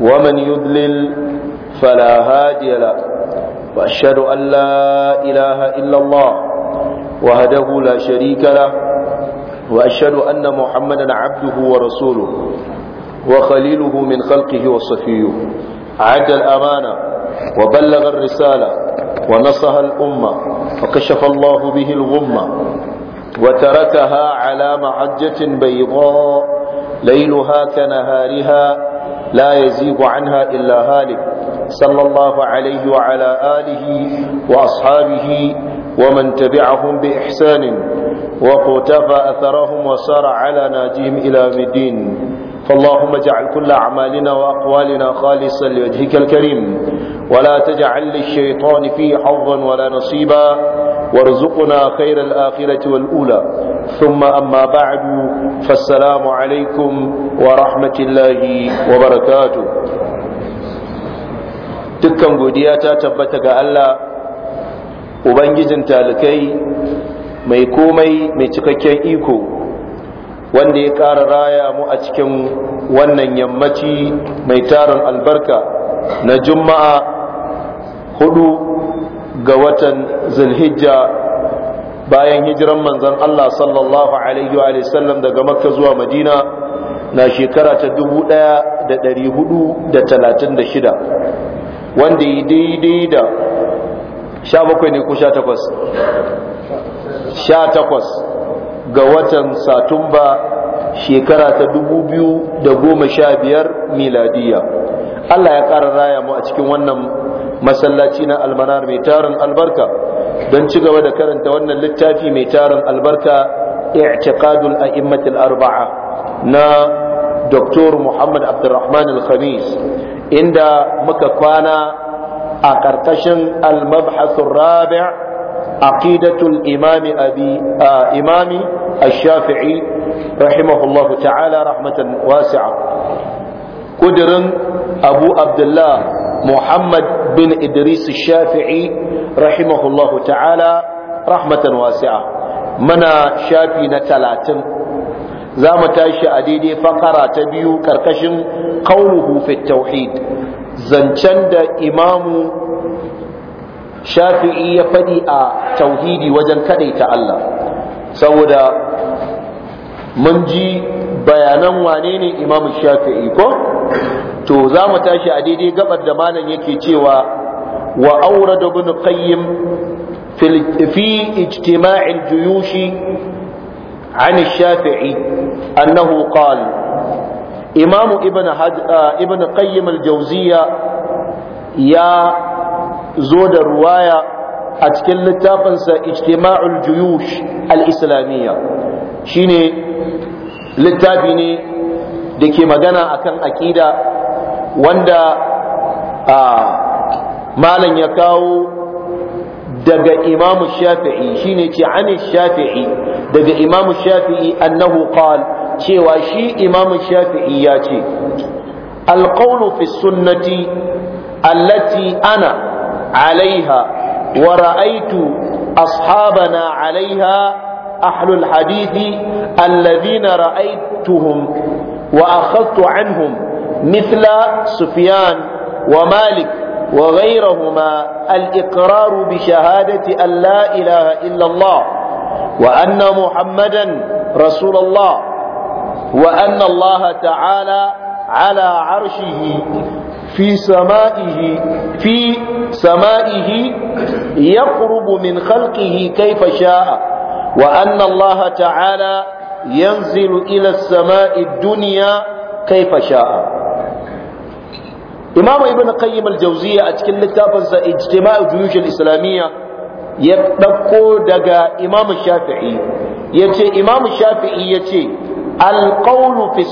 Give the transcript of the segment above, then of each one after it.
ومن يضلل فلا هادي له وأشهد أن لا إله إلا الله وهده لا شريك له وأشهد أن محمدا عبده ورسوله وخليله من خلقه وصفيه عد الأمانة وبلغ الرسالة ونصح الأمة وكشف الله به الغمة وتركها على معجة بيضاء ليلها كنهارها لا يزيغ عنها إلا هالك صلى الله عليه وعلى آله وأصحابه ومن تبعهم بإحسان وقتفى أثرهم وسار على ناجهم إلى مدين فاللهم اجعل كل أعمالنا وأقوالنا خالصا لوجهك الكريم ولا تجعل للشيطان فيه حظا ولا نصيبا وارزقنا خير الآخرة والأولى ثم أما بعد فالسلام عليكم ورحمة الله وبركاته dukkan godiya ta tabbata ga Allah ubangijin talikai mai komai mai cikakken iko wanda ya ƙara raya mu a cikin wannan yammaci mai taron albarka na juma'a hudu ga watan zulhijja bayan hijiran manzan Allah sallallahu alaihi wa sallam daga makka zuwa madina na shekara ta 1436 wanda yi daidai da 17 ne ko 18 18 ga watan satumba shekara ta 2015 miladiya Allah ya ƙara raya mu a cikin wannan masallaci na almanar mai tarin albarka don ci gaba da karanta wannan littafi mai tarin albarka i'tiqadul a'immatul arba'a na Dr. Muhammad Abdulrahman Al-Khamis inda muka kwana a ƙarƙashin al-mabhathur rabi' aqidatul imami abi imami ash-shafi'i rahimahullahu ta'ala rahmatan wasi'a kudirin abu abdullah muhammad bin idris shafi'i rahimahullahu ta'ala rahmatan wasi'a muna shafi na talatin za mu tashi a daidai fakara ta biyu karkashin kauluhu fi tauhid zancen da imamu shafi'i ya faɗi a tauhidi wajen ta Allah saboda mun ji bayanan wane ne imamu shafi'i ko to za mu tashi a daidai gabar da malam yake cewa wa aure da bin qayyim fi ijtima'il juyushi an shafi'i annahu qal imam ibn ah, ibn al-jawziyya ya zo da ruwaya a cikin littafinsa ijtima'ul juyush al-islamiyya shine littafi ne da ke magana akan aƙida wanda malam ya kawo daga imamu shafi'i shine ce an shafi'i daga imamu shafi'i annahu qal cewa shi imamu shafi'i ya ce alqawlu fi sunnati allati ana alaiha wa ra'aitu ashabana alaiha ahlul hadithi alladhina ra'aituhum wa akhadtu anhum مثل سفيان ومالك وغيرهما الإقرار بشهادة أن لا إله إلا الله وأن محمدا رسول الله وأن الله تعالى على عرشه في سمائه في سمائه يقرب من خلقه كيف شاء وأن الله تعالى ينزل إلى السماء الدنيا كيف شاء imam ibn Kayyamal al a cikin littafin sa ijtima'u juyush al-islamiyya ya dauko daga imam shafi'i yace imam shafi'i yace al-qawlu fi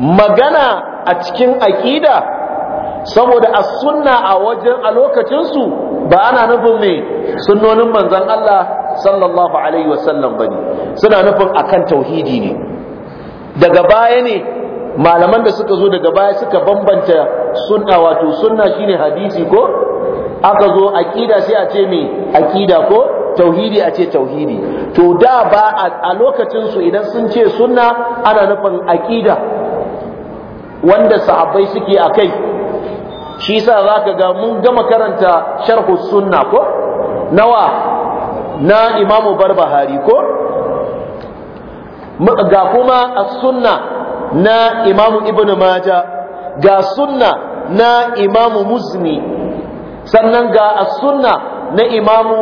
magana a cikin aƙida? saboda as a wajen a lokacinsu su ba ana nufin me sunnonin manzon Allah sallallahu alaihi wasallam bane suna nufin akan tauhidi ne daga baya ne malaman da suka zo daga baya suka bambanta sunna wato sunna shine hadisi ko aka zo aqida sai a ce me aqida ko tauhidi a ce tauhidi to da ba a lokacin su idan sun ce sunna ana nufin aqida wanda sahabbai suke akai shi yasa zaka ga mun gama karanta sharhu sunna ko nawa na imamu barbahari ko ga kuma as-sunna na imamu ibn maja ga sunna na imamu muzni sannan ga a sunna na imamu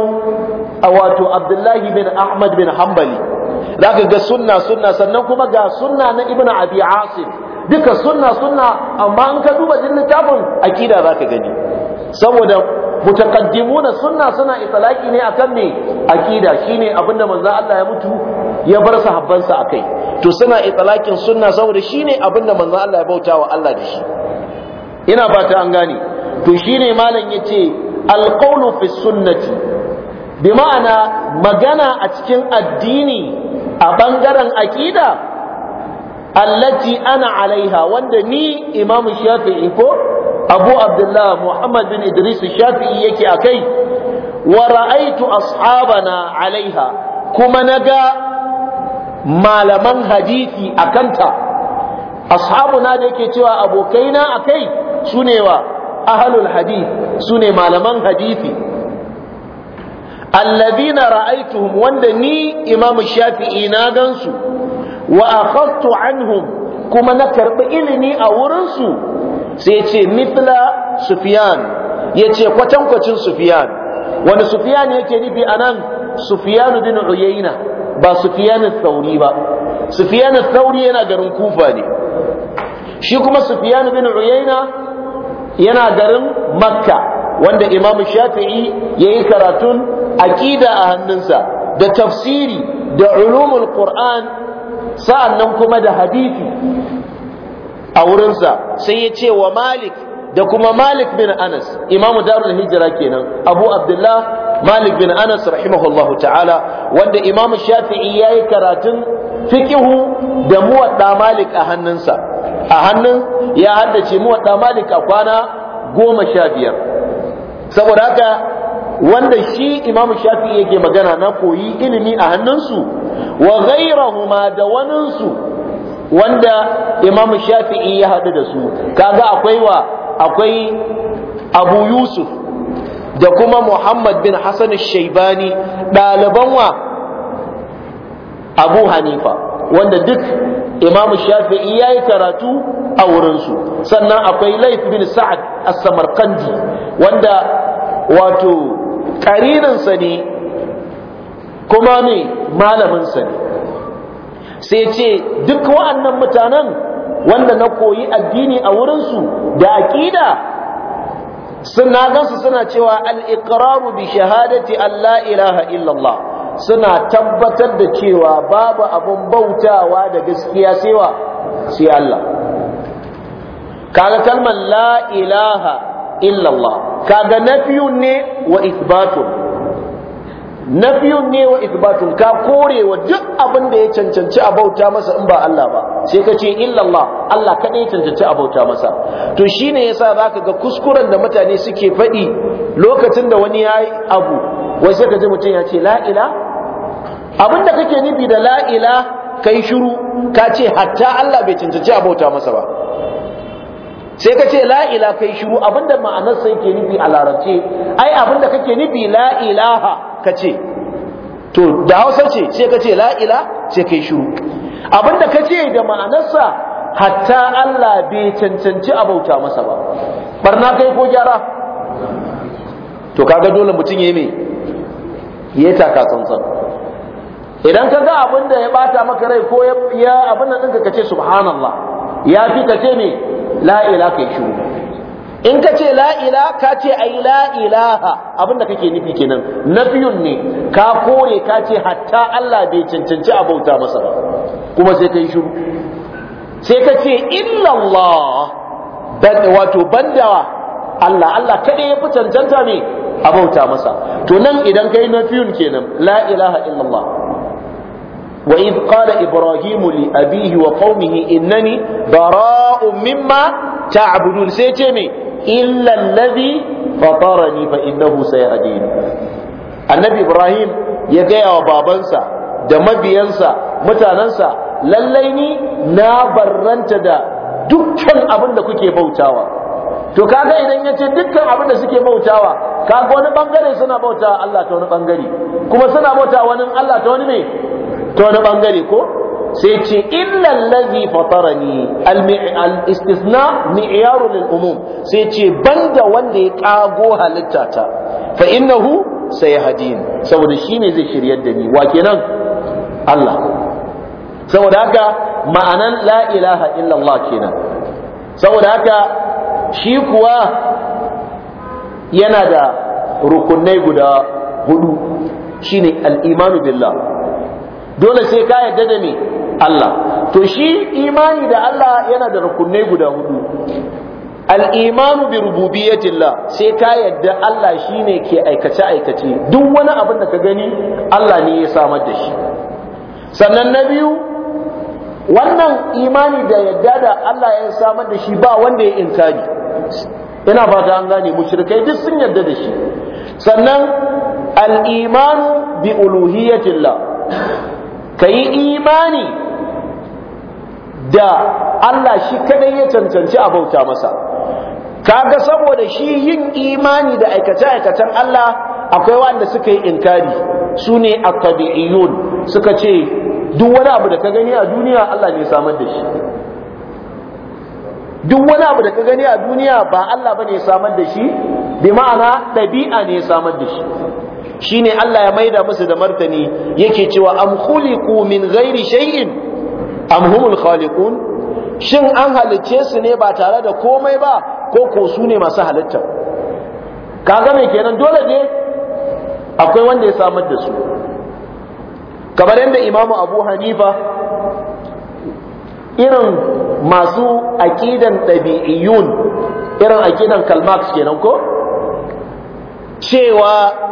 wato abdullahi bin ahmad bin hanbali Daga ga sunna sunna sannan kuma ga sunna na ibn abi asim duka sunna sunna amma in ka duba jin littafin akida ka gani saboda mutaqaddimuna sunna suna itlaqi ne akan me akida shine abinda manzo Allah ya mutu ya bar sahabbansa a kai to suna itsalakin sunna saboda shi ne abin da manzan Allah ya bauta wa Allah da shi ina ba ta an gane to shi ne malam ya ce alƙaunu fi sunnati bi ma'ana magana a cikin addini a ɓangaren aƙida allati ana alaiha wanda ni imam shafi'i ko abu abdullah muhammad bin idris shafi'i yake a kai wa ra'aitu ashabana alaiha kuma na ga. malaman hadisi a kanta ashabuna da yake cewa abokaina a kai su ne wa ahalul hadith su ne malaman hadisi allazina ra'aituhum wanda ni imam shafi'i na gansu wa akhadtu anhum kuma na karbi ilimi a wurinsu sai ce mithla sufyan yace kwatankwacin sufyan wani sufyan yake nufi anan sufyan bin uyayna ba sufiyan Thauri ba Sufyan Thauri yana garin Kufa ne shi kuma Sufyan bin Uyayna yana garin Makka wanda Imam Shafi'i yayi karatun aqida a hannunsa da tafsiri da ulumul Qur'an sa'annan kuma da hadisi a wurinsa sai ya ce wa Malik da kuma Malik bin Anas imamu darul hijira kenan Abu Abdullah Malik bin Anas rahimahullahu ta'ala wanda imamu shafi'i ya yi karatun fikihu da muwadda malik a hannunsa a hannun ya haddace muwadda malik a kwana goma sha biyar saboda haka wanda shi imamu shafi'i yake magana na koyi ilimi a hannunsu wa ghairahuma da waninsu wanda imamu shafi'i ya haɗu da su kaga akwai wa akwai abu yusuf da kuma Muhammad bin Hassan Shaibani ɗaliban wa Abu Hanifa wanda duk Imam Shafi'i ya yi karatu a wurinsu sannan akwai Laif bin Sa'ad as-Samarkandi wanda wato ƙarininsa ne kuma ne malaminsa ne sai ce duk wa'annan mutanen wanda na koyi addini a wurinsu da aƙida suna gansu suna cewa al'iƙiraru bi shahadati Allah ilaha illallah suna tabbatar da cewa babu abin bautawa da gaskiya sewa sai Allah kaga kalmar la ilaha illallah kaga nafiyun ne wa isbatun nafiyun ne wa isbatun ka korewa duk abin da ya cancanci a bauta masa in ba Allah ba sai ka ce illallah Allah kadai cancanci a bauta masa to shine yasa zaka ga kuskuren da mutane suke faɗi lokacin da wani yayi abu wai sai ka ji mutum ya ce la ila abin da kake nufi da la ila kai shiru ka ce hatta Allah bai cancanci a bauta masa ba sai ka ce la'ila ka kai shiru abinda ma'anar sai ke nufi a larabce ai abinda kake nufi la ilaha ka ce to da hausa ce sai ka ce la'ila sai sai kai shiru abinda ka ce da ma'anarsa hatta Allah bai cancanci abauta masa ba barna kai ko gyara to kaga dole mutum ya me ya taka tsantsan idan ka ga abinda ya bata maka rai ko ya abin ɗinka ka ce subhanallah ya fi ka ce me la'ila kai shiru in ka ce la'ila ka ce ai la abinda kake nufi kenan nafiyun ne ka kore ka ce hatta Allah bai cancanci a bauta masa ba kuma sai kai shiru sai ka ce illallah wato bandawa Allah Allah kada ya fi cancanta me a bauta masa to nan idan kai nafiyun kenan la ilaha illallah وإذ قال إبراهيم لأبيه وقومه إنني براء مما تعبدون سيتمي إلا الذي فطرني فإنه سيهدين النبي إبراهيم يقع وبابنسا دمبينسا متاننسا lallaini na barranta da dukkan abin da kuke bautawa to kaga idan yace dukkan abin da suke bautawa kaga wani bangare suna bauta Allah ta wani bangare kuma suna bauta wani Allah ta wani me ta wani bangare ko sai ce illa allazi fatarani al-istithna mi'yaru lil umum sai ce banda wanda ya kago halitta ta fa innahu sayahdin saboda shi ne zai shiryar da ni wa kenan Allah saboda haka ma'anan la ilaha illa Allah kenan saboda haka shi kuwa yana da rukunai guda hudu shine al-imanu billah dole sai ka yarda da me Allah to shi imani da Allah yana da rukunai guda hudu al-imanu bi rububiyyatillah sai ka yarda Allah shi ne ke aikace-aikace duk wani abin da ka gani Allah ne ya samar da shi sannan na biyu wannan imani da yarda da Allah ya samar da shi ba wanda ya inkari ina fata an gane mushrikai duk sun yarda da shi sannan al al-imanu bi uluhiyyatillah ka yi imani da Allah shi kadai ya cancanci a bauta masa kaga saboda shi yin imani da aikace-aikacen Allah akwai wanda suka yi inkari su ne a tabi'iyun suka ce duk wani abu da ka gani a duniya Allah ne samar da shi duk wani abu da ka gani a duniya ba Allah ba bane samar da shi bi ma'ana ɗabi'a ne samar da shi Shi ne Allah ya maida musu da martani yake cewa am khuliqu min ghairi shay'in am humul khaliqun shin an halice su ne ba tare da komai ba ko ko su ne masu halitta kaga me kenan dole ne akwai wanda ya samar da su kamar yadda imamu abu hanifa irin masu aƙidan ɗabi'iyun irin aƙidan kalmax kenan ko cewa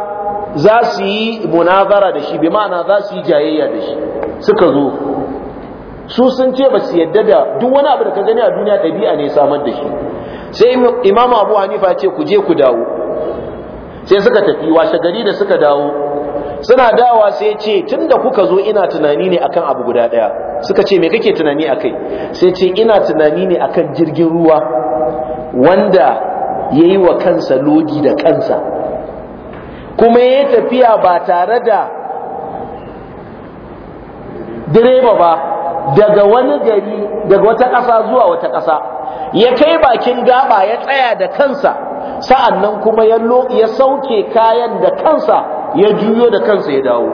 za su yi munazara da shi bi ma'ana za su yi jayayya da shi suka zo su sun ce ba su yadda da duk wani abu da ka gani a duniya ɗabi'a ne samar da shi sai imamu abu hanifa ya ce ku je ku dawo sai suka tafi washe gari da suka dawo suna dawa sai ce tun da kuka zo ina tunani ne akan abu guda ɗaya suka ce me kake tunani akai sai ce ina tunani ne akan jirgin ruwa wanda ya yi wa kansa lodi da kansa kuma ya tafiya ba tare da direba ba daga wani gari daga wata ƙasa zuwa wata ƙasa ya kai bakin gaba ya tsaya da kansa sa'an nan kuma ya sauke kayan da kansa ya juyo da kansa ya dawo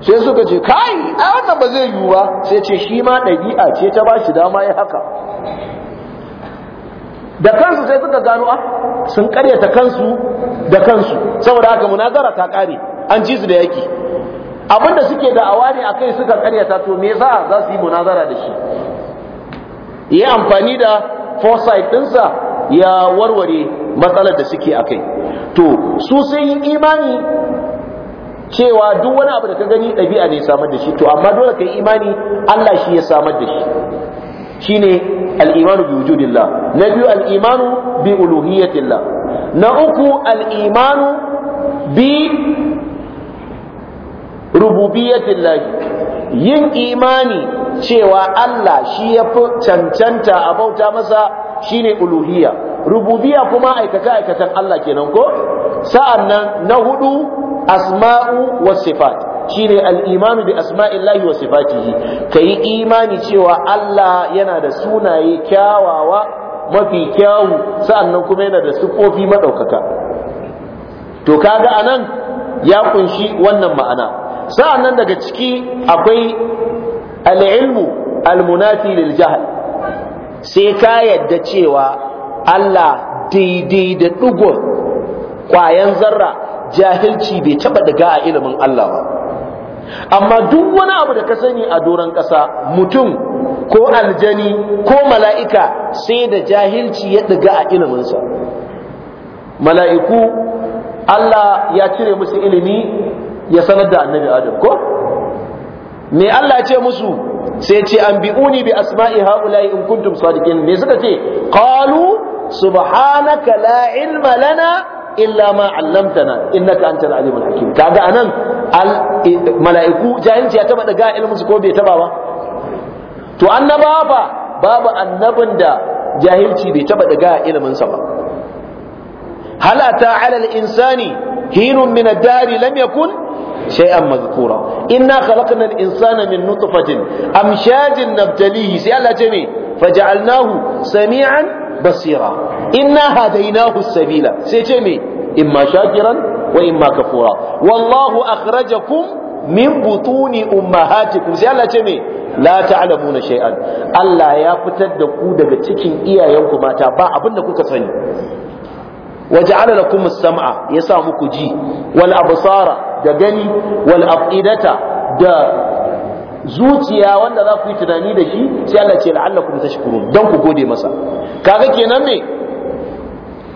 sai suka ce kai a wannan ba zai yiwu ba sai ce shi ma ɗabi'a ce ta ba shi dama ya haka da kansu sai suka gano a ah, sun karyata kansu da kansu saboda haka munazara ta kare an ci su da yaki abinda suke da awa a kai suka karyata to me yasa za su yi munazara da shi yi amfani da foresight dinsa ya warware matsalar da suke akai to su sai yi imani cewa duk wani abu da ka gani ɗabi'a ne samar da shi to amma dole ka yi imani Allah shi ya samar da shi shine al'imanu bi wujudillah na biyu al'imanu bi uluhiyatillah na uku al-imanu bi rububiyatillah yin imani cewa Allah shi ya fi cancanta a bauta masa shine uluhiyya rububiyya kuma aikata aikatan Allah kenan ko sa'annan na hudu asma'u was sifat shine al-imanu bi asma'illahi wa sifatihi yi imani cewa Allah yana da sunaye kyawawa mafi kyawu sa'annan kuma yana da sifofi maɗaukaka. to kaga anan ya kunshi wannan ma'ana sa'annan daga ciki akwai al'ilmu, ilmu al lil jahl sai ka yadda cewa Allah daidai da ɗigon ƙwayan zarra jahilci bai taɓa daga a ilimin Allah ba amma duk wani abu da ka sani a doron ƙasa mutum ko aljani ko mala'ika sai da jahilci ya ɗiga a iliminsa mala'iku Allah ya cire musu ilimi ya sanar da annabi Adam ko? me Allah ce musu sai ce an uni bi asma'i ha'ula'i in kuntum sadiqin me suka ce qalu subhanaka la ilma lana illa ma 'allamtana innaka antal alimul hakim kaga anan mala'iku jahilci ya taba daga ilminsu ko bai taba ba to annaba ba babu annabin da jahilci bai taba daga ilminsa ba hal ata ala insani hinun min ad-dari lam yakun shay'an madhkura inna khalaqna al-insana min nutfatin amshajin nabtalihi sai Allah ce me faja'alnahu sami'an basira inna hadaynahu as-sabila sai ce me imma shakiran wa imma kafura wallahu akhrajakum min butuni ummahatikum sai Allah ce me la ta'lamuna shay'an Allah ya fitar da ku daga cikin iyayenku mata ba abin da kuka sani waja'ala lakum as-sam'a yasa muku ji wal absara da gani wal afidata da zuciya wanda za ku yi tunani da shi sai Allah ce la'allakum tashkurun dan ku gode masa kaga kenan me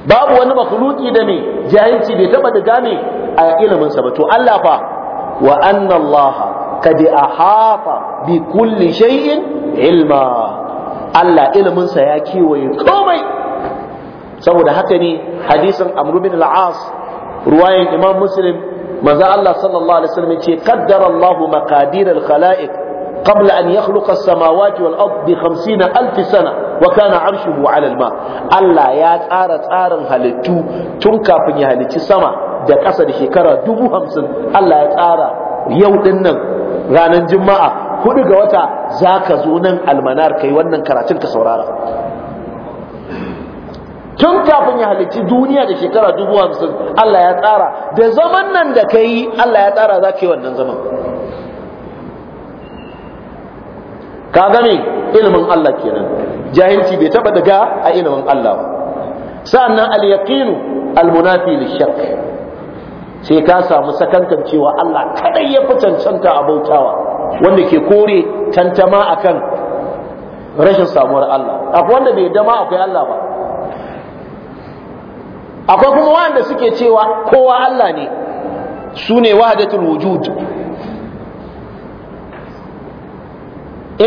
babu wani makhluki da me jahilci bai taba daga me a ilimin sa ba to Allah fa wa anna Allah kad ahata bi kulli shay'in ilma Allah ilimin sa ya kewaye komai saboda haka ne hadisin Amr bin al-As ruwayan Imam Muslim manzo Allah sallallahu alaihi wasallam ce qaddara Allah maqadir al-khalaiq qabla an yakhluqa as-samawati wal-ard bi 50000 sana wa kana arshuhu ala alma Allah ya tsara tsarin halittu tun kafin ya halicci sama da ƙasa da shekara dubu hamsin Allah ya tsara yau din nan ranar juma'a hudu ga wata za ka zo nan almanar kai wannan karatun ka saurara tun kafin ya halicci duniya da shekara dubu hamsin Allah ya tsara da zaman nan da ka yi Allah ya tsara za ka yi wannan zaman ka gami ilimin Allah kenan jahilci bai taba daga a ilimin Allah ba sa'annan al-yaqinu al-munafi lish-shakk sai ka samu sakankan cewa Allah kadai ya fi cancanta a bautawa wanda ke kore tantama akan rashin samuwar Allah akwai wanda bai dama akwai Allah ba akwai kuma wanda suke cewa kowa Allah ne su ne wahdatul wujud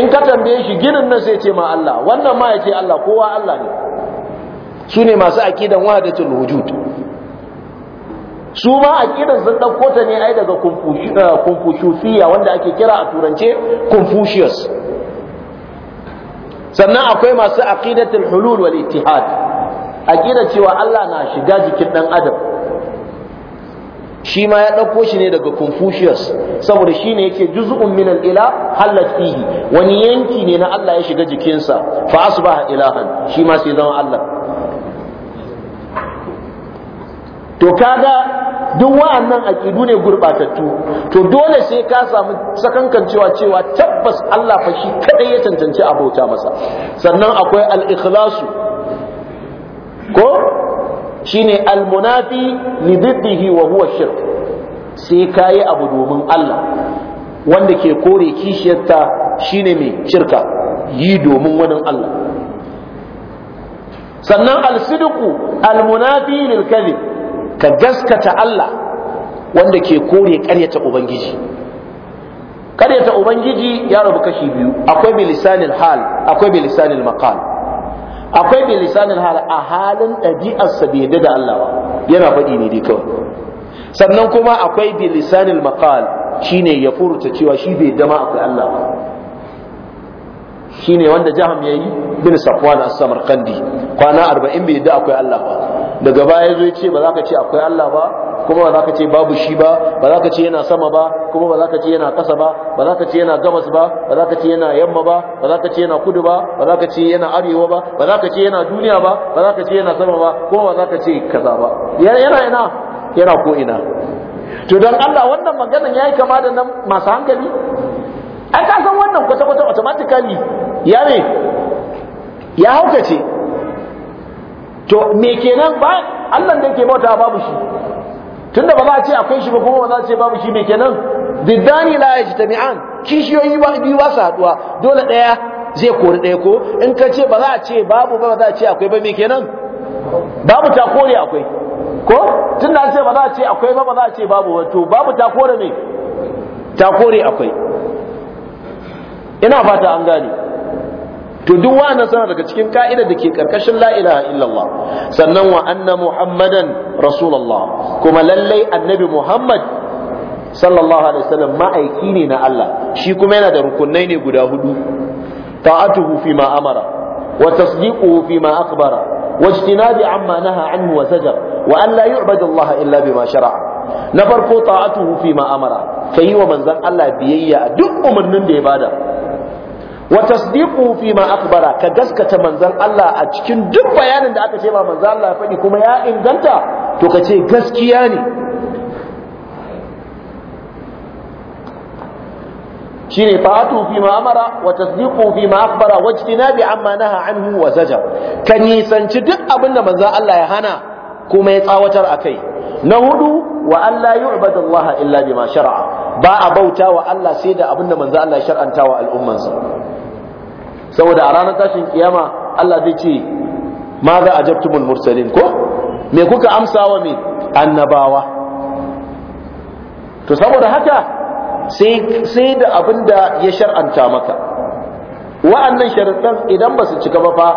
in ka tambaye shi ginin nan sai ce ma Allah wannan ma ya ce Allah kowa Allah ne su ne masu aqidan wahdatul wujud su ma aqidan sun dauko ta ne ai daga eh, confucius wanda ake kira a turance confucius sannan akwai masu aqidatul hulul wal ittihad aqida cewa Allah na shiga jikin dan adam shi ma ya ɗauko shi ne daga Confucius saboda shi ne yake juz'un min al-ila halat fihi wani yanki ne na Allah ya shiga jikinsa fa asbaha ilahan shi ma sai zama Allah to kaga duk wa'annan aƙidu ne gurɓatattu to dole sai ka samu sakankan cewa cewa tabbas Allah fa shi kadai ya cancanci abota masa sannan akwai al-ikhlasu ko shine almunafi li diddihi wa huwa shirk sai kayi abu domin Allah wanda ke kore kishiyarta shine mai shirka yi domin wani Allah sannan alsidiku almunafi lil ka gaskata Allah wanda ke kore karyata ubangiji karyata ubangiji ya rabu kashi biyu akwai bilisanil hal akwai bilisanil maqal akwai bilisanin hal a halin sa bai yadda da Allah ba yana faɗi ne dai kawai sannan kuma akwai bilisanin maqal shine ya furta cewa shi bai dama akwai Allah ba shine wanda jaham yayi bin safwan as-samarqandi kwana 40 bai yadda akwai Allah ba daga baya zo ya ce ba za ka ce akwai Allah ba kuma ba za ka ce babu shi ba ba za ka ce yana sama ba kuma ba za ka ce yana ƙasa ba ba za ka ce yana gabas ba ba za ka ce yana yamma ba ba za ka ce yana kudu ba ba za ka ce yana arewa ba ba za ka ce yana duniya ba ba za ka ce yana sama ba kuma ba za ka ce kaza ba yana ina yana ko ina to dan Allah wannan maganan yayi kama da nan masu hankali ai ka san wannan kwata kwata automatically ya ne ya haukace to me kenan ba Allah da yake bauta babu shi tunda ba za a ce akwai shi ba kuma ba za a ce babu shi mai kenan diddani la jitami'an kishiyoyi ba biyu ba su haduwa dole daya zai kori daya ko in ka ce ba za a ce babu ba za a ce akwai ba mai kenan babu ta kore akwai ko tunda an ce ba za a ce akwai ba ba za a ce babu wato babu ta kore ne ta kore akwai ina fata an gane to duk wannan sana daga cikin ka'ida da ke karkashin la ilaha illallah sannan wa anna muhammadan rasulullah kuma lallai annabi muhammad sallallahu alaihi wasallam ma'aiki ne na Allah shi kuma yana da rukunai ne guda hudu ta'atuhu fi ma amara wa tasdiquhu fi ma akhbara wa ijtinabi amma naha anhu wa zajar wa an la yu'badu Allah illa bima shara'a na farko ta'atuhu fi ma amara kai wa manzon Allah biyayya duk umarnin da ya bada wa tasdiqu fi ma akhbara ka gaskata manzon Allah a cikin duk bayanin da aka ce ma manzon Allah ya faɗi kuma ya inganta to ka ce gaskiya ne shine fa'atu fi ma amara wa tasdiqu fi ma akhbara wa ijtinabi amma naha anhu wa zajar ka nisanci duk abin da Allah ya hana kuma ya tsawatar a kai. na hudu wa an la yu'badu Allah illa bima shar'a ba a bauta wa Allah sai da abin da Allah ya shar'anta wa al'ummansa saboda a ranar tashin kiyama Allah zai ce ma za a mursalin ko me kuka amsa wa me annabawa to saboda haka sai da abin da ya shar'anta maka wa'annan sharaɗan idan ba su cika ba fa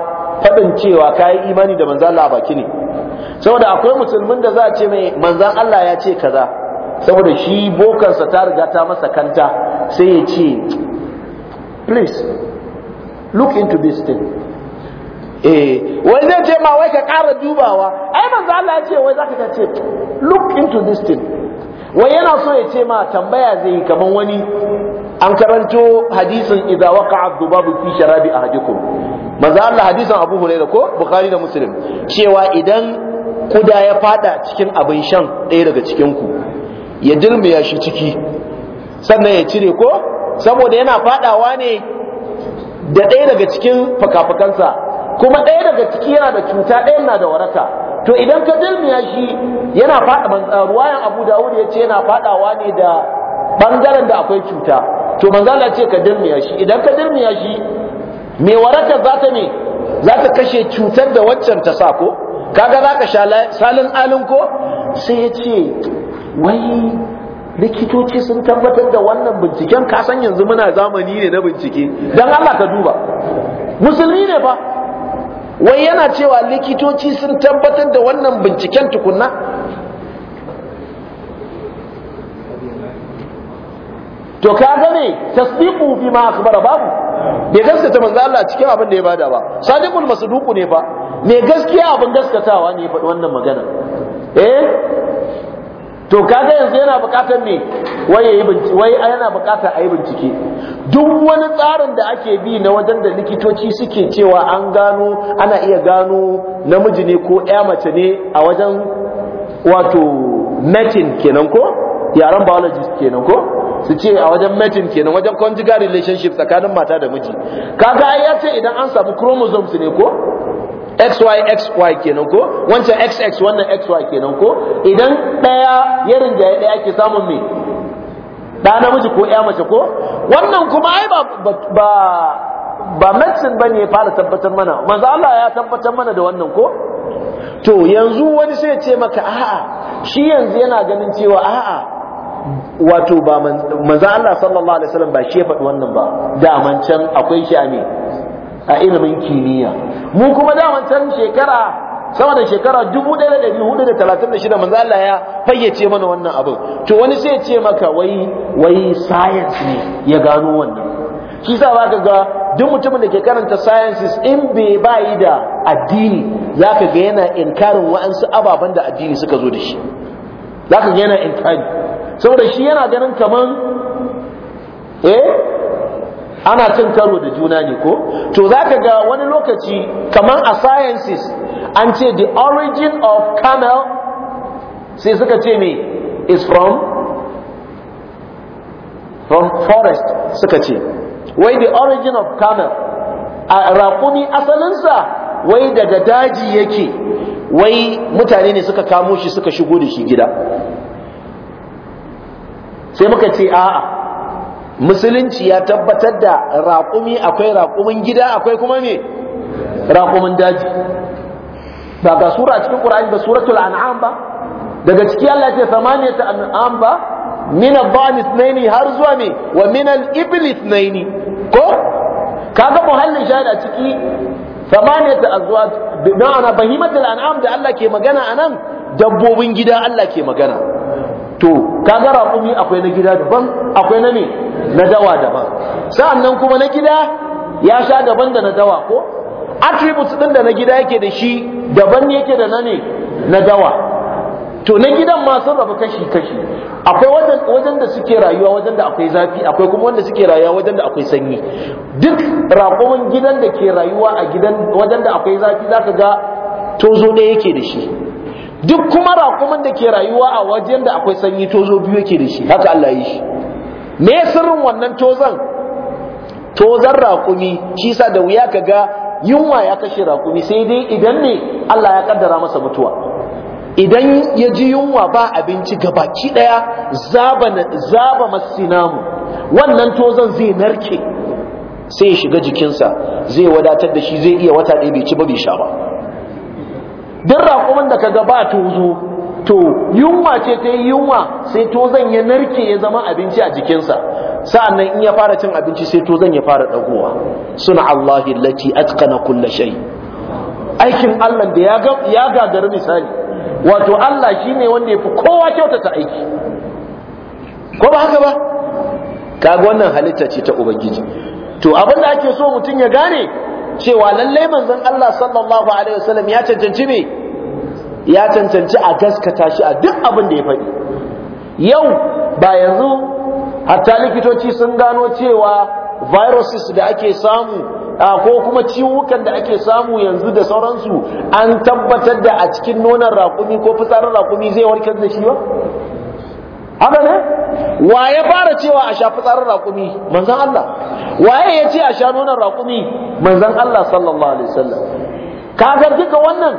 faɗin cewa kayi imani da manzon Allah baki ne saboda akwai musulmin da za a ce mai manzon Allah ya ce kaza saboda shi bokansa ta riga ta masa kanta sai ya ce please look into this thing eh wai zai ce ma wai ka ƙara dubawa ai manzo Allah ya ce wai zaka ta ce look into this thing wai yana so ya ce ma tambaya zai yi kamar wani an karanto hadisin idza waqa'a dhubabu fi sharabi Hadikun? manzo Allah hadisin Abu Hurairah ko Bukhari da Muslim cewa idan kuda ya fada cikin abin shan ɗaya daga cikin ku ya dirmiya shi ciki sannan ya cire ko saboda yana fadawa ne da ɗaya daga cikin fakafakansa kuma ɗaya daga ciki yana da cuta ɗayan na da waraka to idan ka dilmiya shi yana faɗa ah, ruwayan abu dawud ya ce yana faɗawa ne da ɓangaren da akwai cuta to manzala ce ka dilmiya shi idan ka dilmiya shi me waraka za ta ne za ta kashe cutar da waccan ta sa ko kaga za ka sha salin alin ko sai ya ce wai likitoci sun tabbatar da wannan binciken kasan yanzu muna zamani ne na bincike dan Allah ka duba musulmi ne fa wai yana cewa likitoci sun tabbatar da wannan binciken tukunna to ka ga ne tasdiqu fi ma akhbara babu bai gaskata manzo Allah cikin abin da ya bada ba sadiqul masduqu ne fa me gaskiya abin gaskatawa ne faɗi wannan magana eh to kaga yanzu yana bukatar me wai yana bukatar ayi bincike duk wani tsarin da ake bi na wajen da likitoci suke cewa an gano ana iya gano namiji ne ko ya mace ne a wajen wato metin kenan ko yaren biologist kenan ko su ce a wajen metin kenan wajen conjugal relationship tsakanin mata da miji kaga ai ya ce idan an samu chromosomes ne ko xyxy kenan ko wancan xx wannan xy kenan ko idan ɗaya ya rinjaye ɗaya ake samun me ɗa namiji ko ya mace ko wannan kuma ai ba ba ba medicine ba ne fara tabbatar mana manzo Allah ya tabbatar mana da wannan ko to yanzu wani sai ya ce maka a'a shi yanzu yana ganin cewa a'a wato ba manzo Allah sallallahu alaihi wasallam ba shi ya faɗi wannan ba da mancan akwai shi a ne a ilimin kimiyya mu kuma daman can shekara sama da shekara 1436 manzo Allah ya fayyace mana wannan abin to wani sai ce maka wai wai science ne ya gano wannan shi sa ka ga duk mutumin da ke karanta sciences in bai bayi da addini zaka ga yana inkarin wa'ansu ababen da addini suka zo da shi zaka ga yana inkari saboda shi yana ganin kaman eh ana cin karo da juna ne ko to zaka ga wani lokaci kaman a sciences an ce the origin of camel sai suka ce me is from from forest suka ce wai the origin of camel a raƙumi asalinsa wai daga daji yake wai mutane ne suka kamo shi suka shigo da shi gida sai muka ce a'a musulunci ya tabbatar da raƙumi akwai raƙumin gida akwai kuma me raƙumin daji ba ga sura a cikin ƙura'ani ba suratul an'am ba daga ciki Allah ce samaniya ta an'am ba min al-dhani ithnaini har zuwa me? wa min al-ibl ithnaini ko kaga muhallin shahid a ciki samaniya ta azwaj bi ma'ana bahimatul an'am da Allah ke magana anan dabbobin gida Allah ke magana to kaga raƙumi akwai na gida daban akwai na me na dawa daban sa'annan kuma na gida ya sha daban da na dawa ko attributes din da na gida yake da shi daban yake da na ne na dawa to na gidan ma sun rabu kashi kashi akwai wajen da suke rayuwa wajen da akwai zafi akwai kuma wanda suke rayuwa wajen da akwai sanyi duk raƙumin gidan da ke rayuwa a gidan wajen da akwai zafi zaka ga tozo ɗaya yake da shi duk kuma raƙumin da ke rayuwa a wajen da akwai sanyi tozo biyu yake da shi haka Allah yi shi me sirrin wannan tozan tozon raƙumi shi sa da wuya ka ga yunwa ya kashe raƙumi sai dai idan ne Allah ya kaddara masa mutuwa idan ya ji yunwa ba abinci gabaki ɗaya zaba masinamu wannan tozon zai narke sai ya shiga jikinsa zai wadatar da shi zai iya wata ɗaya bai ci ba bai sha ba duk raƙumin da kaga ba tozo to yunwa ce ta yi yunwa sai tozon ya narke ya zama abinci a jikinsa sa'annan in ya fara cin abinci sai tozon ya fara ɗagowa suna Allahi lati atqana kulla shay aikin Allah da ya gagari misali wato Allah shi ne wanda ya fi kowa kyautata aiki ko ba haka ba kaga wannan halitta ce ta ubangiji to abin da ake so mutum ya gane cewa lallai manzon Allah sallallahu alaihi wasallam ya cancanci me ya cancanci a gaskata shi a duk abin da ya faɗi yau ba yanzu hatta likitoci sun gano cewa viruses da ake samu ko kuma ciwukan da ake samu yanzu da sauransu an tabbatar da a cikin nonon raƙumi ko fitsarin raƙumi zai warkar da shi ba haka ne wa ya fara cewa a sha tsarin raƙumi manzan Allah waye ya ce a sha nuna raƙumi manzan Allah sallallahu alaihi wasallam kaga duka wannan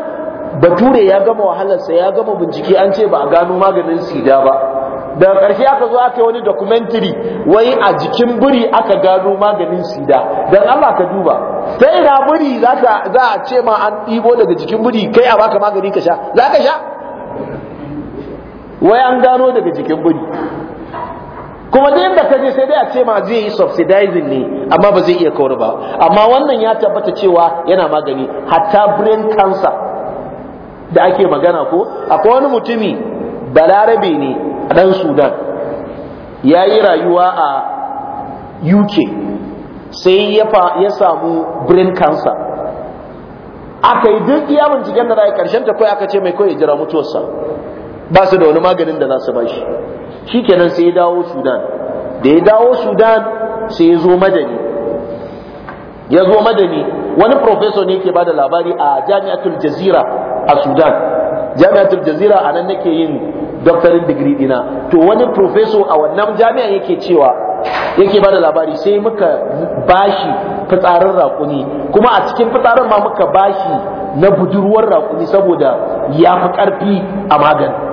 bature ya gama wahalarsa ya gama bincike an ce ba a gano maganin sida ba daga ƙarshe aka zo aka yi wani documentary wai a jikin biri aka gano maganin sida Dan Allah ka duba Sai ina biri za a ce ma an ɗibo daga jikin biri kai a baka magani ka sha za ka sha wai an gano daga jikin buri kuma duk inda ka je sai dai a ce ma zai yi subsidizing ne amma ba zai iya kawar ba amma wannan ya tabbata cewa yana magani hatta brain cancer da ake magana ko akwai wani mutumi balarabe ne a dan sudan ya yi rayuwa a uk sai ya samu brain cancer aka yi duk iya binciken da karshen ta kawai aka ce mai kawai jira mutuwarsa ba su da wani maganin da za su ba shi shi kenan sai ya dawo sudan da ya dawo sudan sai ya zo madani ya zo madani wani professor ne ba bada labari a jami'atul jazira a sudan jami'atul jazira a nan nake yin doctorate digiri dina to wani professor a wannan jami'a yake cewa yake bada labari sai muka bashi fitsarin rakuni kuma a cikin fitsarin ma muka bashi na budurwar rakuni saboda ya fi ƙarfi a magani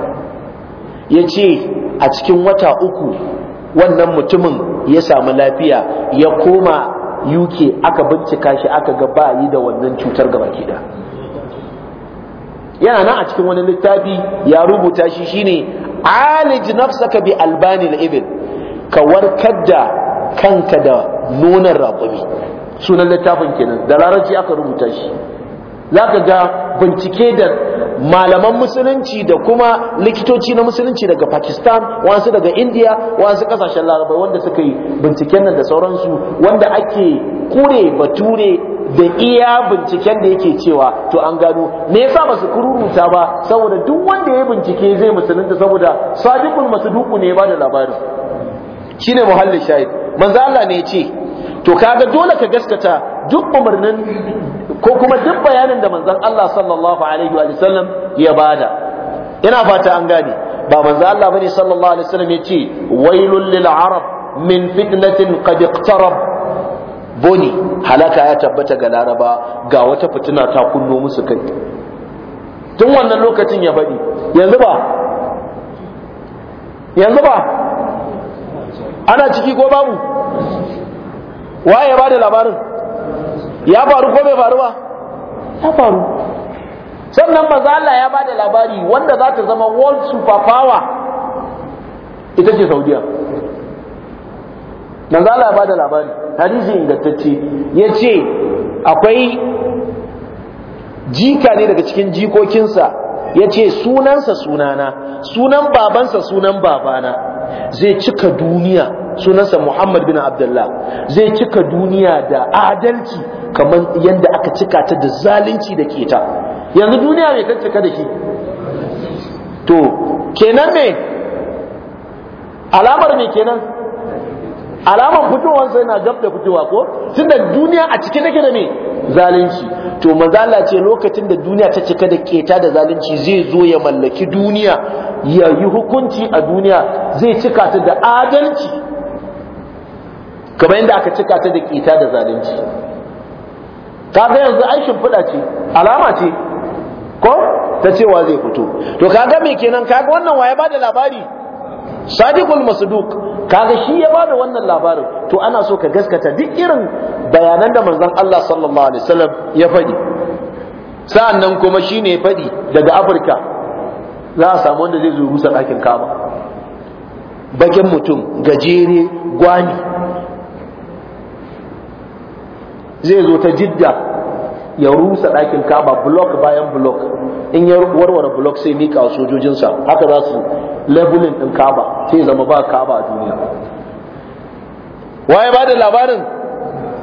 ya ce a cikin wata uku wannan mutumin ya samu lafiya ya koma uk aka bincika shi aka ga ba yi da wannan cutar gaba da. yana nan a cikin wani littafi ya rubuta shi shine alij nafsaka bi albani al-ibil ka warkar da kanka da nonon raƙumi sunan littafin kenan da larabci aka rubuta shi Za ka ga bincike da malaman musulunci da kuma likitoci na musulunci daga Pakistan wasu daga India wasu kasashen Larabai wanda suka yi binciken nan da sauransu wanda ake kure bature da iya binciken da yake cewa to an gano me yasa ba su kururuta ba saboda duk wanda ya bincike zai musulunta saboda masu masduq ne ba da Shi shine muhallin shahid manzo ne ya ce to kaga dole ka gaskata duk umarnin ko kuma duk bayanin da manzon Allah sallallahu alaihi wa sallam ya bada ina fata an gane ba manzon Allah bane sallallahu alaihi wasallam ya ce wailul lil arab min fitnatin qad iqtarab boni halaka ya tabbata ga laraba ga wata fitina ta kunno musu kai tun wannan lokacin ya faɗi yanzu ba yanzu ba ana ciki ko babu waye ba da labarin ya faru ko bai faru ba ya faru sannan maza Allah ya bada labari wanda za ta zama world superpower ita ce saudiya manzo Allah ya bada labari hadisi ingantacce ya ce akwai jika ne daga cikin jikokinsa ya ce sunansa sunana sunan babansa sunan babana zai cika duniya sunansa Muhammad bin Abdullah zai cika duniya da adalci kamar yadda aka cika ta da zalunci da ta yanzu duniya mai kan cika da ke? to kenan me alamar me kenan alamar fitowar sai na gab da fitowa ko tunda duniya a cike ke da me zalunci to mazala ce lokacin da duniya ta cika da keta da zalunci zai zo ya mallaki duniya ya yi hukunci a duniya zai cika ta da adalci kamar yadda aka cika ta da keta da zalunci kaga yanzu aikin fuda ce alama ce ko ta cewa zai fito to kaga me kenan kaga wannan waye ba da labari sadiqul masduq kaga shi ya bada wannan labarin to ana so ka gaskata duk irin bayanan da manzon Allah sallallahu alaihi wasallam ya fadi sa'annan kuma shine ya fadi daga Afirka za a samu wanda zai zo rusa ɗakin kama bakin mutum gajere gwani zai zo ta jidda ya rusa ɗakin kaba bulok bayan blok in ya warware blok sai mika a sojojinsa haka za su labulin ɗin kaba sai zama ba kaba a duniya waye ba da labarin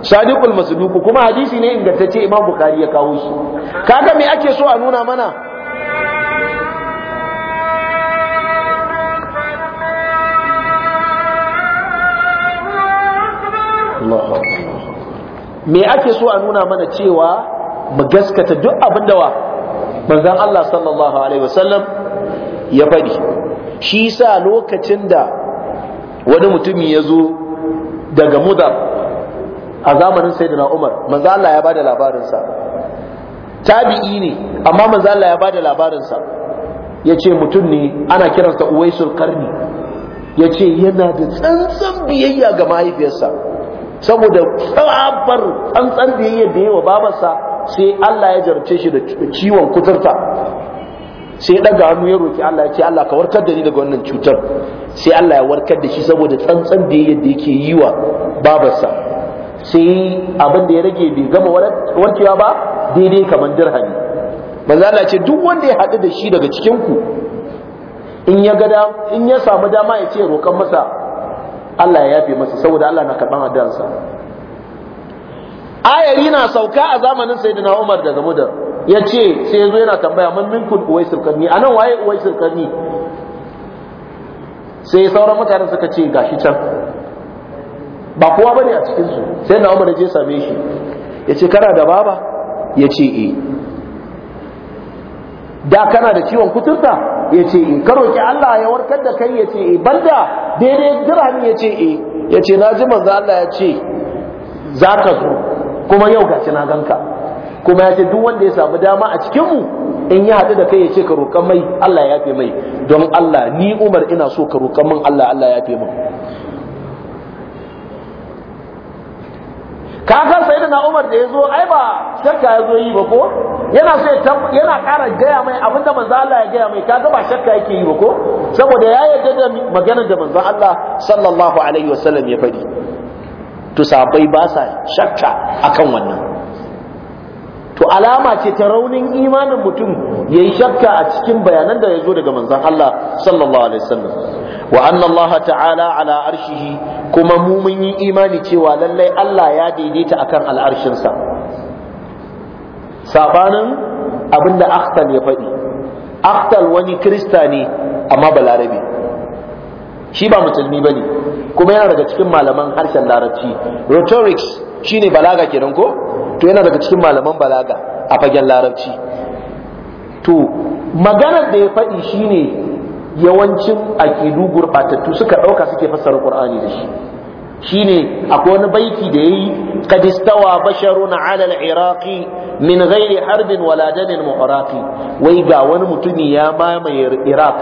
sadiqul masduq kuma hadisi ne ingantacce imam bukhari ya kawo shi kaga me ake so a nuna mana Akbar me ake so a nuna mana cewa mu gaskata duk abin da wa manzon Allah sallallahu alaihi wasallam ya faɗi shi sa lokacin da wani mutumi ya zo daga mudar a zamanin sayyidina Umar manzon Allah ya bada labarinsa tabi'i ne amma manzon Allah ya bada labarinsa ya ce mutum ne ana kiransa uwaisul Qarni ya ce yana da tsantsan biyayya ga mahaifiyarsa saboda tsabar tsantsan biyayya da yawa babarsa sai Allah ya jarce shi da ciwon kuturta sai daga hannu ya roki Allah ya ce Allah ka warkar da ni daga wannan cutar sai Allah ya warkar da shi saboda tsantsan biyayya da yake yi wa babarsa sai abin da ya rage bai gama warkewa ba daidai kamar dirhami manzo Allah ce duk wanda ya haɗu da shi daga cikin ku in ya ga in ya samu dama ya ce roƙan masa Allah ya yafe masa saboda Allah na karban addu'arsa ayari na sauka a zamanin sayyidina Umar daga mudar yace sai yazo yana tambaya man minkum uwaisul karni anan waye uwaisul karni sai sauran mutanen suka ce gashi can ba kowa bane a cikin su sai na Umar je same shi yace kana da baba yace eh da kana da ciwon kuturta ya ce e eh. ka roƙi Allah ya warkar da kai ya ce e eh. banda daidai dirham ya ce e eh. ya ce na ji manzo Allah ya ce za ka zo kuma yau gashi na ganka kuma ya ce duk wanda ya samu dama a cikinmu in ya haɗu da kai ya ce ka roƙa mai Allah ya fi mai don Allah ni Umar ina so ka roƙa min Allah Allah ya fi min Kakar sai da umar da ya zo ai ba shakka ya zo yi ba ko yana so yana ƙara gaya mai abinda manzo Allah ya gaya mai kaga ba shakka yake yi ba ko saboda ya yarda da maganar da manzo Allah sallallahu alaihi wasallam ya faɗi to sabai ba sa shakka akan wannan to alama ce ta raunin imanin mutum ya yi shakka a cikin bayanan da ya zo daga manzan Allah sallallahu alaihi wasallam wa anna Allah ta'ala ala arshihi kuma mu mun yi imani cewa lallai Allah ya daidaita akan al'arshin sa sabanin abinda Akhtal ya faɗi Akhtal wani Kirista ne amma balarabe shi ba musulmi bane kuma yana daga cikin malaman harshen larabci rhetorics shine balaga kenan ko to yana daga cikin malaman balaga a fagen larabci to maganar da ya faɗi shine yawancin akidu gurɓatattu suka ɗauka suke fassara ƙur'ani da shi shine akwai wani baiki da ya yi kadistawa basharun ala al-iraqi min ghairi harbin wala damin wai ga wani mutumi ya mamaye iraq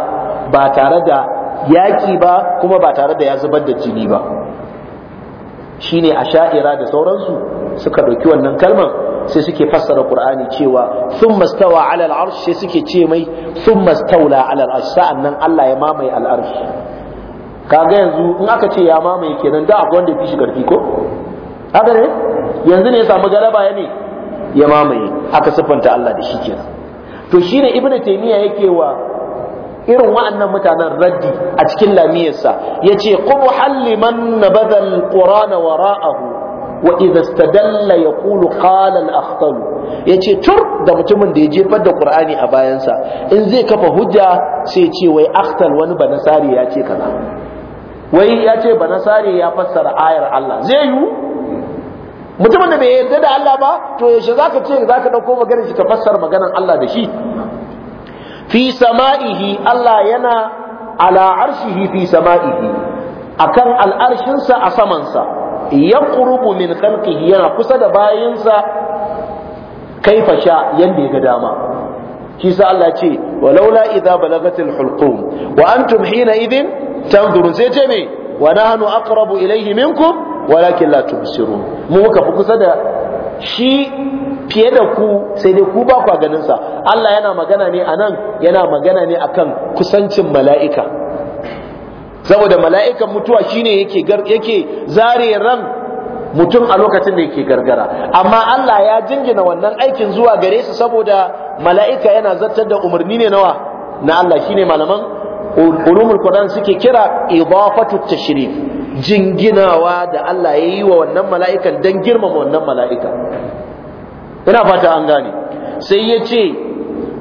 ba tare da yaki ba kuma ba tare da ya zubar da jini ba shine a sha'ira da sauransu suka ɗauki wannan kalman sai suke fassara qur'ani cewa sun mastawa alal arsh sai suke ce mai sun mastaula ala arsh sa'an Allah ya mamaye al arsh kaga yanzu in aka ce ya mamaye kenan da akwai wanda ya fi shi karfi ko haka ne yanzu ne ya samu galaba ya ne ya mamaye aka siffanta Allah da shi kenan to shine ibnu taymiya yake wa irin wa'annan mutanen raddi a cikin lamiyarsa yace qubhal liman nabadha alqur'ana wara'ahu wa idha ya yaqulu qala al Ya yace tur da mutumin da ya jefar da ƙur'ani a bayansa in zai kafa hujja sai ce wai akhtal wani banasari ya ce kaza wai ya ce banasari ya fassara ayar Allah zai yi mutumin da bai yarda da Allah ba to yaushe zaka ce zaka ɗauko maganar shi ka fassara maganar Allah da shi fi sama'ihi Allah yana ala arshihi fi sama'ihi akan al'arshinsa a samansa yaqrubu min kalkihi yana kusa da bayansa kai fasha yadda ya ga dama shi sa Allah ce walaula idza balagatil hulqum wa antum hina idin tanzurun sai ce me wa nahnu aqrabu ilayhi minkum walakin la tubsirun mu muka fi kusa da shi fiye da ku sai dai ku ba ku ganin sa Allah yana magana ne a nan yana magana ne akan kusancin mala'ika saboda mala'ikan mutuwa shine yake yake zare ran mutum a lokacin da yake gargara amma Allah ya jingina wannan aikin zuwa gare su saboda mala'ika yana zartar da umarni ne nawa na Allah shine malaman ulumul Qur'an suke kira idafatu tashrif jinginawa da Allah ya yi wa wannan mala'ikan dan girmama wannan mala'ika ina fata an gane sai ya ce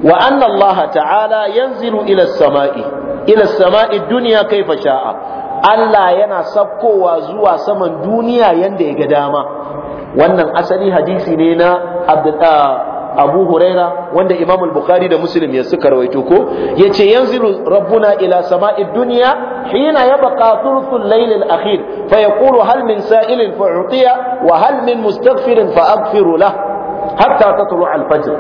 wa anna Allah ta'ala yanzilu ila sama'i ila sama'i duniya fa sha'a Allah yana sabkowa zuwa saman duniya yanda ya ga dama wannan asali hadisi ne na ah, Abu Huraira wanda Imam al-Bukhari da Muslim ya suka rawaito ko ce yanzilu rabbuna ila sama'i dunya hina yabqa thuluthul layl al-akhir fa yaqulu hal min sa'ilin fa wa hal min mustaghfirin fa aghfiru lahu hatta tatlu alfajir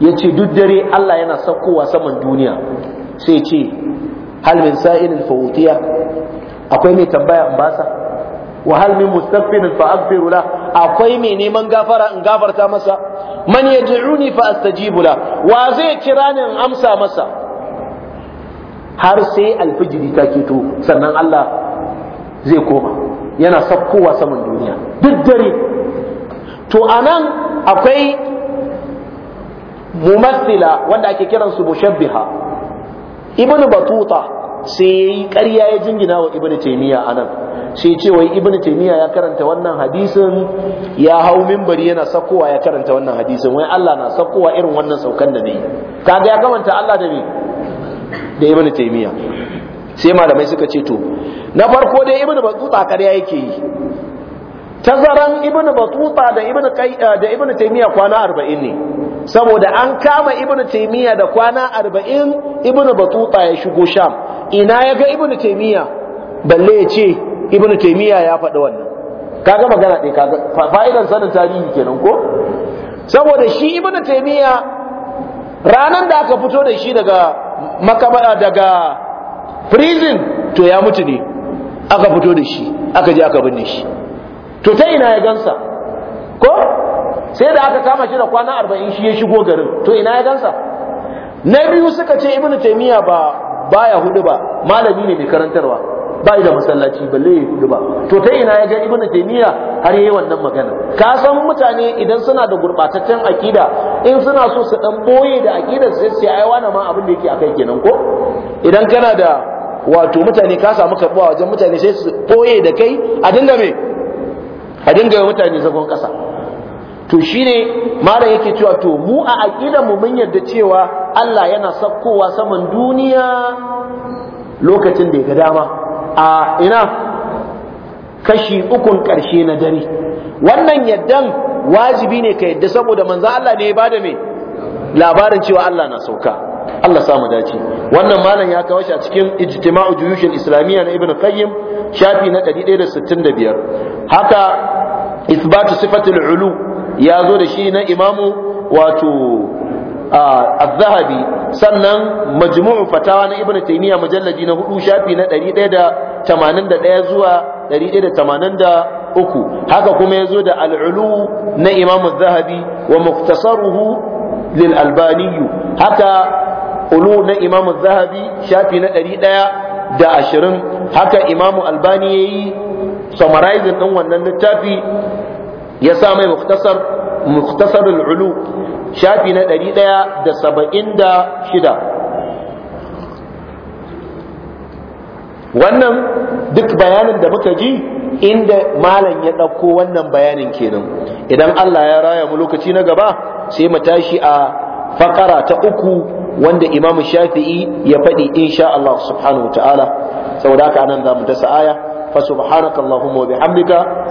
ya ce duk dare Allah yana saukowa saman duniya sai ce hal min sa'ilin fawutiya akwai mai tambaya in basa wa hal min mustaghfirin fa aghfiru akwai mai neman gafara in gafarta masa man ya yad'uni fa astajibu la wa zai kira ni in amsa masa har sai alfijiri ta keto sannan Allah zai koma yana saukowa saman duniya duk dare to anan akwai mumassila wanda ake kiransu mushabbiha ibn batuta sai yayi ƙarya ya jingina wa ibn taymiya anan sai ce wai ibn taymiya ya karanta wannan hadisin ya hau minbari yana sakowa ya karanta wannan hadisin wai Allah na sakowa irin wannan saukan da nayi kaga ya kamanta Allah da me da ibn taymiya sai malamai suka ce to na farko dai ibn batuta ƙarya yake yi tazaran ibnu batuta da ibnu eh, da ibnu taymiya kwana 40 ne saboda an kama ibnu taymiya da kwana 40 ibnu batuta ya shigo sham ina ya ga ibnu taymiya balle ya ce ibnu taymiya ya faɗi wannan kaga magana ɗaya kaga fa'idan sanin tarihi kenan ko saboda shi ibnu taymiya ranan da aka fito da shi daga makabara daga prison to ya mutu ne aka fito da shi aka je aka binne shi to ta ina ya gansa ko sai da aka kama shi da kwana arba'in shi ya shigo garin to ina ya gansa na biyu suka ce ibn taimiyya ba baya hudu ba malami ne mai karantarwa ba da masallaci balle ya hudu ba to ta ina ya ga ibn taimiyya har yayi wannan magana ka san mutane idan suna da gurbataccen akida in suna so su dan boye da akidar sai sai ai wani ma abin da yake akai kenan ko idan kana da wato mutane ka samu karbuwa wajen mutane sai su boye da kai a dinga me a dinga mutane zagon ƙasa to shi ne malam yake cewa to mu a aƙidar mu mun yarda cewa Allah yana sakkowa saman duniya lokacin da ya ga dama a ina kashi ukun ƙarshe na dare wannan yardan wajibi ne ka yadda saboda manza Allah ne ya bada mai labarin cewa Allah na sauka Allah samu dace wannan malam ya kawo shi a cikin ijtima'u juyushin islamiyya na ibnu qayyim shafi na 165 haka isbatu sifatul ulu ya zo da shi na imamu wato al zahabi sannan majmu'u fatawa na ibnu taymiya mujalladi na 4 shafi na 181 zuwa 183 haka kuma ya zo da al-ulu na imamu az-zahabi wa muktasaruhu lil albani haka ulu na imamu az-zahabi shafi na 100 da ashirin haka imamu albani ya yi summarizing ɗin wannan littafi ya sa mai muktasar ulu shafi na ɗari ɗaya da saba'in da shida wannan duk bayanin da muka ji inda malam ya ɗauko wannan bayanin kenan idan Allah ya raya mu lokaci na gaba sai mu tashi a fakara ta uku wanda imamu shafi'i ya faɗi insha Allah subhanahu wa ta'ala saboda haka anan za mu dasa aya fa subhanaka allahumma wa bihamdika